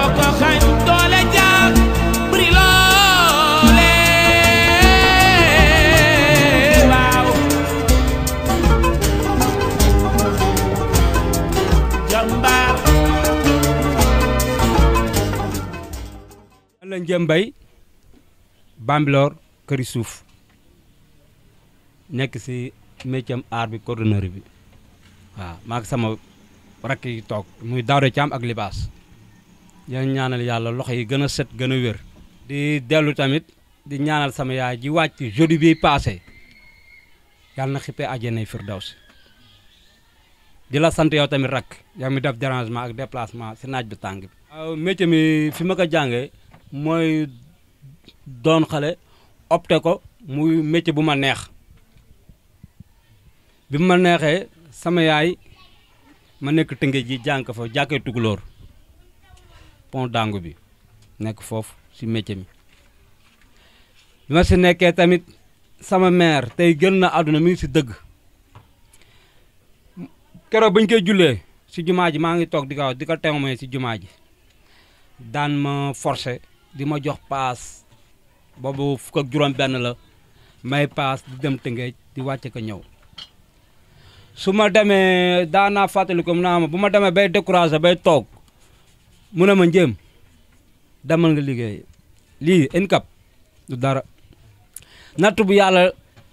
ko ko xañ doole këri suuf nekk ci métier am art bi coordonneur bi waaw maa ngi sama rakk yi toog muy Daouda Thiam ak Libaas ya ñaanal yalla loxo yi gëna set gëna wër di delu tamit di ñaanal sama yaay ji wacc jeudi bi passé yalla na xippé àjjanay firdaws di la sante yow tamit rak ya mi def dérangement ak déplacement ci naaj bi tang bi métier mi fi ma ko jàngé moy doon xalé opté ko muy métier bu ma neex bima neexé sama yaay ma nek teungé ji jank fa jaké tuglor pont dangu bi nekk foofu si métier mi bi ma si nekkee tamit sama mère tey gën na àdduna mi ngi si dëgg keroog bañ koy jullee si jumaa ji maa ngi toog di ko di ko témoin si jumaa ji daan ma forcé di ma jox paas boobu fukk ak juróom benn la may paas di dem Tëngéej di wàcce ko ñëw su ma demee daanaa fàttaliku naa ma bu ma demee bay découragé bay toog mu ne ma njéem demal nga liggéey lii incap du dara natt bu yàlla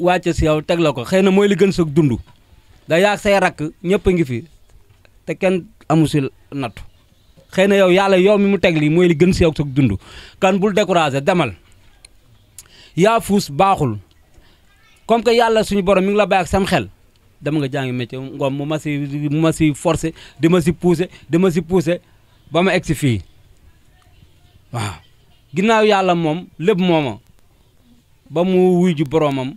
wàcce si yow tegla ko xëy na mooy li gën sa dund da yaag say rakk ñëpp a ngi fi te kenn amu si nattu xëy na yow yàlla yow mi mu teg lii mooy li gën si yow sa dund kan bul découragé demal yaa fuus baaxul comme que yàlla suñu borom mi ngi la bàyyi sam xel dama nga jàngi métier ngoom mu ma si mu ma si forcé di ma si poussé di ma si poussé ba ma egsi fii waaw ginnaaw yàlla moom lépp mooma ba mu wuy ju boroomam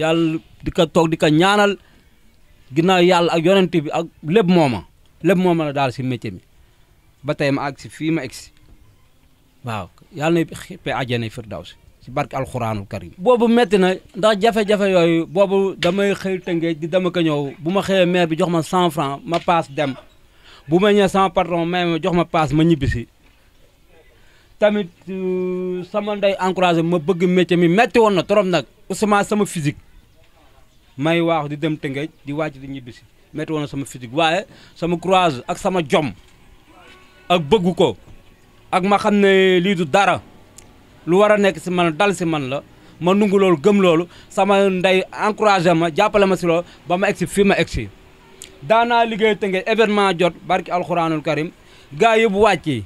yàlla di ko toog di ko ñaanal ginnaaw yàlla ak yonent bi ak lépp mooma lépp mooma la daal si métier mi ba tey ma agsi fii ma egsi waaw yàlla na xippe àjjana firdaws si barke alxuraanul karim boobu metti na ndax jafe-jafe yooyu boobu damay xëy tëngee di dama ko ñëw bu ma xëyee maire bi jox ma cent franc ma paas dem bu ma ñëwee sama patron may ma jox ma passe ma ñibbi si tamit euh, sama ndey encourager ma bëgg métier mi metti won na torom nag Ousmane sama physique may wax di dem Tëngéej di wàcc di ñibbi si metti won sama physique waye sama croise ak sama jom ak bëgg ko ak ma xam ne du dara lu wara nek ci man dal ci man la ma nungu loolu gëm loolu sama ndey encourager ma jàppale ma ci ba ma egsi ma exi daanaa liggéey tënge événement jot barki alxuraanul karim gaa yëpp wàcci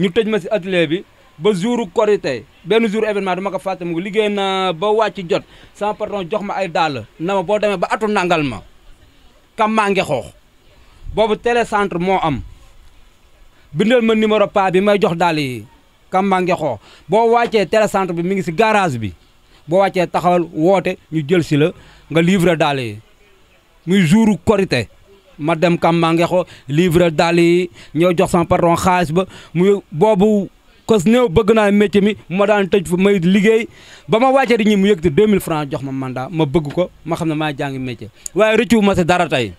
ñu tëj ma si atelier bi ba jouru korité benn jour événement dama ko fàtte mu liggéey na ba wàcc jot sama patron jox ma ay dàll na boo demee ba atu nangal ma kam maa ngi xoox boobu télécentre moo am bindal ma numéro pa bi may jox dàll yi kam ngi xoox boo wàccee sant bi mi ngi si garage bi boo wàccee taxawal woote ñu jël si la nga livrer dàll yi muy jouru korité ma dem kam Kambange xo livre daal yi ñëw jox sama patron xaalis ba mu boobu kos néew bëgg naa métier mi ma daan tëj ma may liggéey ba ma wàccee di ñi mu yëkkati mille francs jox ma mandat ma bëgg ko ma xam ne maa jàngi métier waaye rëccu ma si dara tey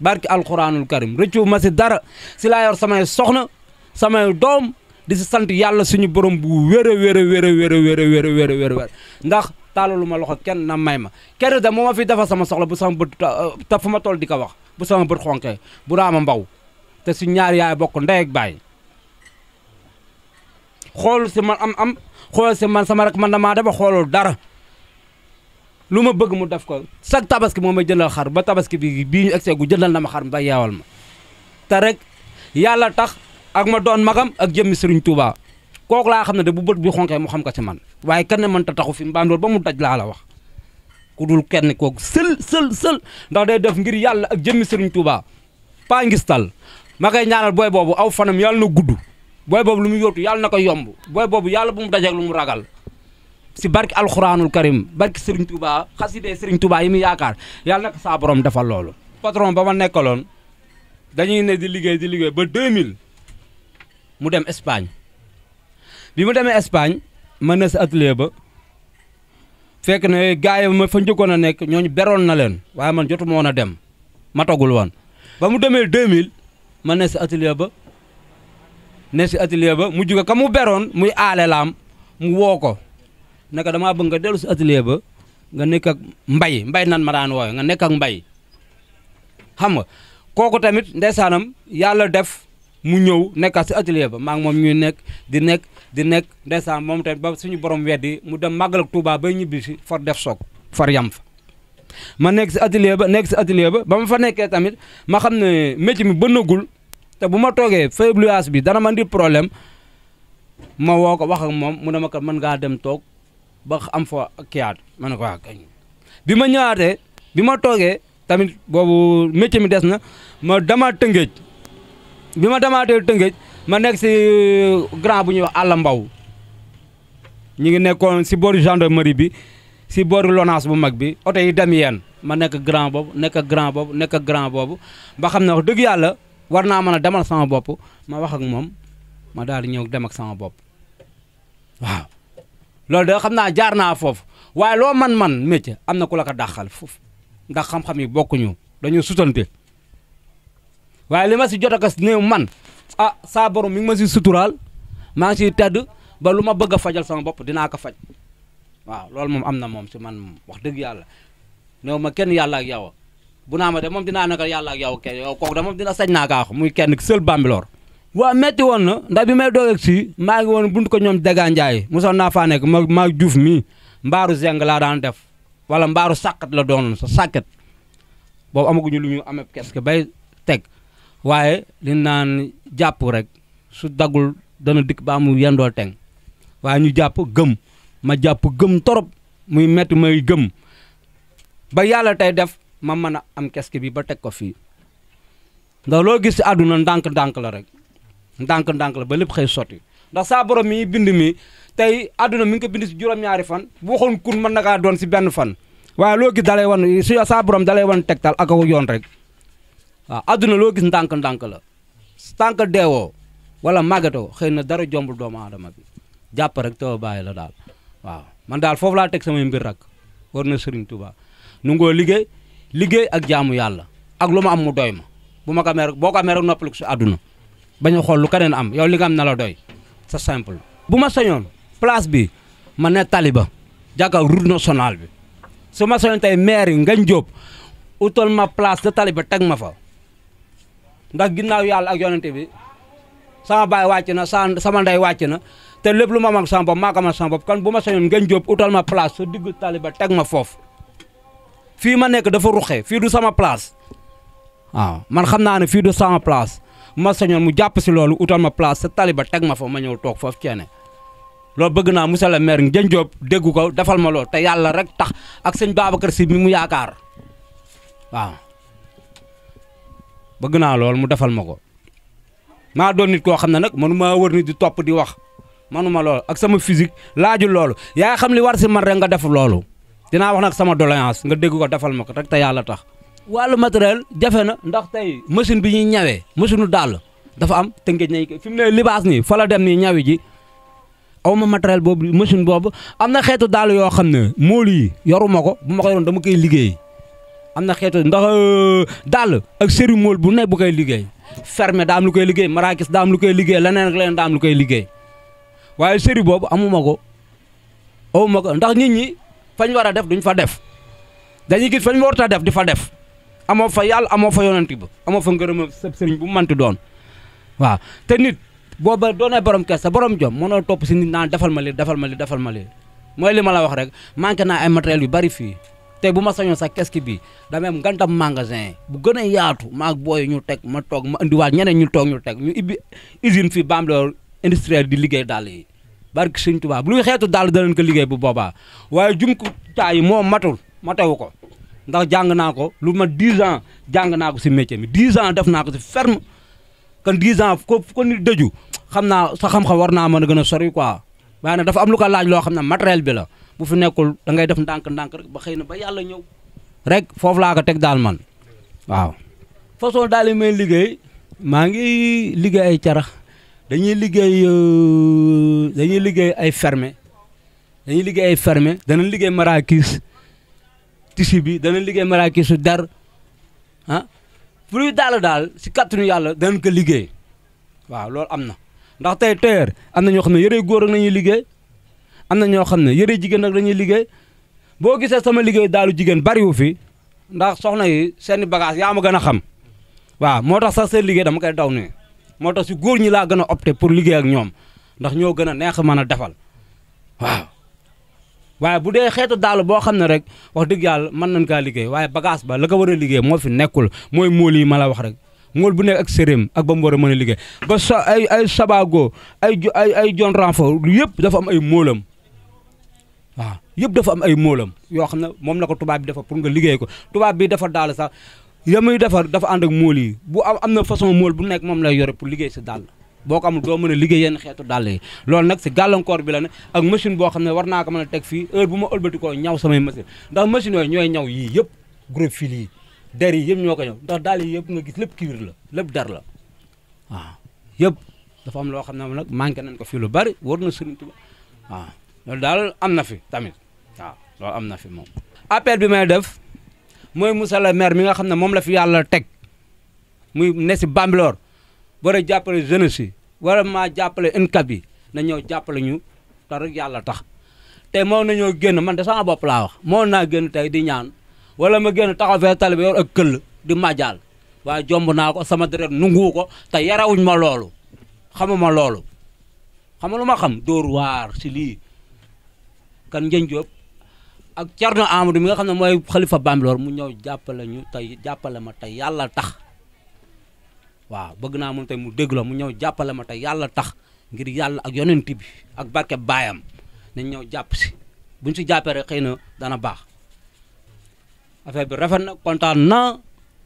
barki alxuraanul karim rëccu ma si dara si laa yor samay soxna samay doom di si sant yàlla suñu borom bu wér a wér a wér a wér a ndax taalalu ma loxo kenn na may ma kenn de moo ma fi defal sama soxla bu sama bët euh, te fu ma toll di ko wax bu sama bët xonkee bu raama mbaw te su ñaar yaay bokk ndey ak baay xool si man am am xool si man sama rek man damaa def xoolool dara lu ma bëgg mu def ko chaque tabaski moo may jëndal xar ba tabaski bi bii ñu egsee gu jëndal na ma xar ba yeewal ma te rek yàlla tax ak ma doon magam ak jëmmi Sëriñ Tuubaa kooku laa xam ne de bu bët bi xonkee mu xam ko ci man waaye kenn mënta taxu fi mbandoor ba mu daj laa a wax ku dul kenn kooku sël sël sël ndax day def ngir yàlla ak jëmmi sëriñ Touba paa ngis tal ma koy ñaanal booy boobu aw fanam yàlla na gudd booy boobu lu mu yóotu yàlla na ko yomb booy boobu yàlla bu mu dajeeg lu mu ragal si barki alxuraanul karim barki Serigne Touba xaside Serigne Touba yi mu yaakaar yàlla na ko saa borom loolu. patron ba ma nekkaloon dañuy ne di liggéey di liggéey ba 2000 mu dem Espagne. bi mu demee Espagne ma ne si atelier ba fekk na gars yi ma fa njëkkoon a nekk ñooñu beroon na leen waaye man jotuma a dem ma togul woon ba mu demee 2000 ma ne si atelier ba ne si atelier ba mu jóge ka mu beroon muy aale laam mu woo ko ne ko damaa nga dellu si atelier ba nga nekk ak mbay mbay nan ma daan woowe nga nekk ak mbay xam nga kooku tamit ndeysaanam yàlla def mu ñëw nekkaat si atelier ba maa moom ñuy nekk di nekk di nekk ndeysaan moom tamit ba suñu borom weddi mu dem màggal ak Touba bay ñibbi si far def soog far yam fa ma nekk si atelier ba nekk si atelier ba ba ma fa nekkee tamit ma xam ne métier mi bënnagul te bu ma toogee faiblesse bi dana man di problème ma woo ko wax moom mu ne ma kat mën gaa dem toog ba am fa kiyaat ma ne ko waa bi ma ñëwaatee bi ma toogee tamit boobu métier mi des na ma dama tëngéej bi ma demaatee Tëngéej ma nekk si euh, grand bu ñuy wax àll mbaw ñu ngi nekkoon si booru mari bi si booru LONASE bu mag bi oto yi dem yeen ma nekk grand boobu nekk grand boobu nekk grand boobu ba xam ne wax dëgg yàlla war naa mën a demal sama bopp ma wax ak moom ma daal di ñëw dem ak sama bopp waaw loolu de xam naa jaar naa foofu waaye loo man man métier am na ku la ko dàqal foofu ndax xam-xam yi ñu dañu sutante waye li ma si jotta a neew man ah sa borom mi ngi ma si sutural ma ngi tedd ba luma bëgg fajal sama bop dina ko faj waaw lool mom amna mom ci man wax deug yalla neew ma kenn yalla ak yaw bu na ma de mom dina nakal yalla ak yaw kenn yow kok de dina sañ ka wax muy kenn seul lor wa metti won na ndax bi may do ak ci ma ngi won buntu ko ñoom Daga Ndiaye mosoon na fa nek ma maa juuf mi mbaru zeng la daan def wala mbaru sàkkat la doon sa amaguñu luñu bay tek waaye li naan jàpp rek su daggul dana dikk ba mu yendoo teng waaye ñu jàpp gëm ma jàpp gëm torop muy metti may gëm ba yàlla tey def ma mën a am keske bi ba teg ko fii ndax loo gis ci àdduna ndànk-ndànk la rek ndànk-ndànk la ba lépp xëy sotti ndax saa borom mi bind mi tey àdduna mi ngi ko bind ci juróom-ñaari fan bu waxoon kun mën na doon ci benn fan waaye loo gis dalay wan si saa borom dalay wan tegtal ak yoon rek waaw àdduna loo gis ndànk-ndànk la tànk deewoo wala màggatoo xëy na dara jombul doomu aadama bi jàpp rek te bàyyi la daal waaw man daal foofu laa teg samay mbir rak war na Serigne Touba nu ngoo liggéey liggéey ak jaamu yàlla ak lu ma am mu doy ma bu ma ko amee rek boo ko amee rek si àdduna bañ a xool lu keneen am yow li nga am na doy sa simple. bu ma sañoon place bi ma ne taliba jàkkaar route nationale bi su ma sañoon tey maire yi Ngagne Diop utal ma place de taliba teg ma fa. ndax ginnaaw yàlla ak yonente bi sama baay wàcc na sa sama ndey wàcc na te lépp lu ma mag sama bopp maa ko man kon bu ma sañoon ngeen joob utal ma place su diggu taliba teg ma foofu fii ma nekk dafa ruxe fii du sama place waaw man xam naa ne fii du sama place ma sañoon mu jàpp si loolu utal ma place sa taliba teg ma fa ma ñëw toog foofu ceene loolu bëgg naa monsieur le maire Ngeen Diop dégg ko defal ma lool te yàlla rek tax ak sëñ Babacar Si mi mu yaakaar waaw bëgg naa lool mu defal ma ko maa doon nit koo xam ne nag manuma wër nit di topp di wax manuma lool ak sama physique laaju loolu yaa xam li war si man rek nga def loolu dinaa wax nag sama doléance nga dégg ko defal ma ko rek te yàlla tax wàllu matériel jafe na ndax tey machine bi ñuy ñawee machine daal dafa am te nañ ko fi mu ne libaas nii fa la dem nii ñawi ji aw ma matériel boobu machine boobu am na xeetu daal yoo xam ne mool yi yoruma ko bu ma ko dama koy liggéey am na xeetu ndax euh, dàll ak séri mool bu ne bu koy liggéey fermé daam lu koy liggéey marakis daam lu koy liggéey leneen ak leneen daa lu koy liggéey waaye séri boobu amuma ko amuma ko ndax nit ñi fañ war a def duñ fa def dañuy gis fañ warut a def di fa def amoo fa yàlla amoo fa yonanti ba amoo fa ngërëm sëb sëriñ bu manti doon waaw te nit booba doonee borom kees sa borom jom mënoo topp si nit naan defal ma li defal ma li defal ma li mooy li ma la wax rek manqué naa ay matériel yu bari fii te bu ma sañoon sax casque bi damay ganta ngantam magasin bu gën a yaatu maag booy ñu teg ma toog ma indiwaat ñeneen ñu toog ñu teg ñu ibbi usine fii Bambilor industriel di liggéey dàll yi barke Sëñ Tuubaa bu luy xeetu dàll danañ ko liggéey bu boobaa waaye jum jumtukaay yi moo matul matewu ko ndax jàng naa ko lu ma 10 ans jàng naa ko si métier mi 10 ans def naa ko si ferme kon 10 ans ko ko nit dëju xam naa sa xam-xam war naa mën a gën a sori quoi waaye nag dafa am lu ko laaj loo xam ne matériel bi la bu fi nekkul da def ndànk-ndànk ba xëy na ba yàlla ñëw rek foofu ko teg daal man waaw façon daal yi may liggéey maa ngi liggéey ay carax dañuy liggéey euh, dañuy liggéey ay fermé dañuy liggéey ay fermé danañ liggéey maraakis bi danañ liggéey maraakisu der ah fu ñuy daal daal si kàttanu yàlla danañ ko liggéey waaw loolu am na ndax tey teer am ñoo xam ne yëre góor ak nañuy liggéey am na ñoo xam ne yére jigéen rek lañuy liggéey boo gisee sama liggéey daalu jigéen bariwu fi ndax soxna yi seeni bagage yaa ma gën a xam waaw moo tax sax seen liggéey dama koy daw ne moo tax si góor ñi laa gën a opté pour liggéey ak ñoom ndax ñoo gën a neex mën a dafal waaw waaye bu dee xeetu daal boo xam ne rek wax dëgg yàlla mën nañ kaa liggéey waaye bagage ba la ko war a liggéey moo fi nekkul mooy mool yi ma la wax rek mool bu nekk ak séréem ak ba mu mën a liggéey ba ay ay sabago ay ay ay jon yëpp dafa am ay moolam waaw yëpp dafa am ay moolam yoo xam ne moom la ko tubaab bi defar pour nga liggéey ko tubaab bi defar daal sax ya muy defar dafa ànd ak mool yi bu am am na façon mool bu nekk moom la yore pour liggéey si dàll boo ko amul doo a liggéey yenn xeetu dàll yi loolu nag si gàllankoor bi la ne ak machine boo xam ne war naa ko mën a teg fii heure bu ma ëlbatikoo ñaw samay machine ndax machine yooyu ñooy ñaw yii yëpp gros fil yi der yi yëpp ñoo ko ñëw ndax dàll yi yëpp nga gis lépp cuir la lépp der la waaw dafa am loo xam ne nag manqué nañ ko fii lu bari war na Sëriñ loolu dal amna fi tamit waaw loolu amna fi mom appel bi may def moy Moussa le maire mi nga xamne mom la fi yalla tek muy ne bamblor Bambilor war a jeunesse wara ma jappale en kabi na ñew jappale ñu te rek yalla tax te na ñoo genn man de sama bop la wax mo na genn tay di ñaan wala ma genn taxaw fe tali bi yor ak keul di majal, wa jomb na ko sama dere nungu ko te yarawuñ ma lolu xamuma lolu xamuluma xam dor war ci li kan Ndiagne Diop ak Thierno Amadou mi nga xam ne mooy xalifa Bambilor mu ñëw jàppale ñu tey jàppale ma tey yàlla tax waaw bëgg naa moom tey mu dégg la mu ñëw jàppale ma tey yàlla tax ngir yàlla ak yonent bi ak barke baayam nañ ñëw jàpp si buñ si jàppee rek xëy na dana baax affaire bi rafet na kontaan na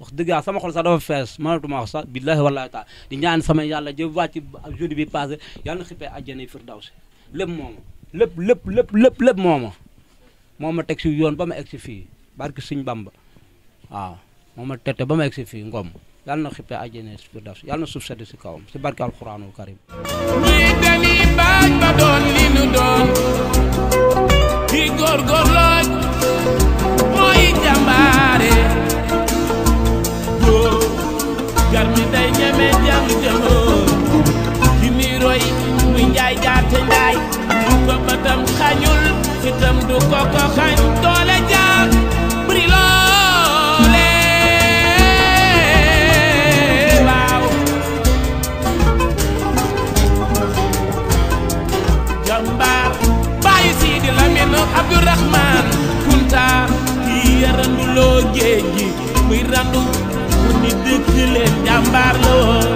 wax dëgg yàlla sama xol sax dafa fees mënatuma wax sax billaahi wallaahi taala di ñaan sama yàlla jë wàcc ak jeudi bi passé yàlla na xippee àjjana firdawsi lépp moom lépp lépp lépp lépp lépp moo ma moo ma teg si yoon ba ma egg si fii barki Sëñ Bamba waaw moo tette ba ma egg si fii ngom yàlla na xippee àjjana firdaws yàlla na suuf sedd si kawam si barki alxuraanul karim ñii dañuy baaj ba doon li nu doon di góorgóorlooj mooy jàmbaare góor gar day ñeme jàng jëm njaay jaate njaay bu ko bëtam xañul fitam du ko ko xañ doole jaar bri loole waaw jàmbaar bàyyi Sidi Lamine Abdourahman Kunta kii yaranduloo géej gi muy randu mu ni dëkk leen jàmbaar la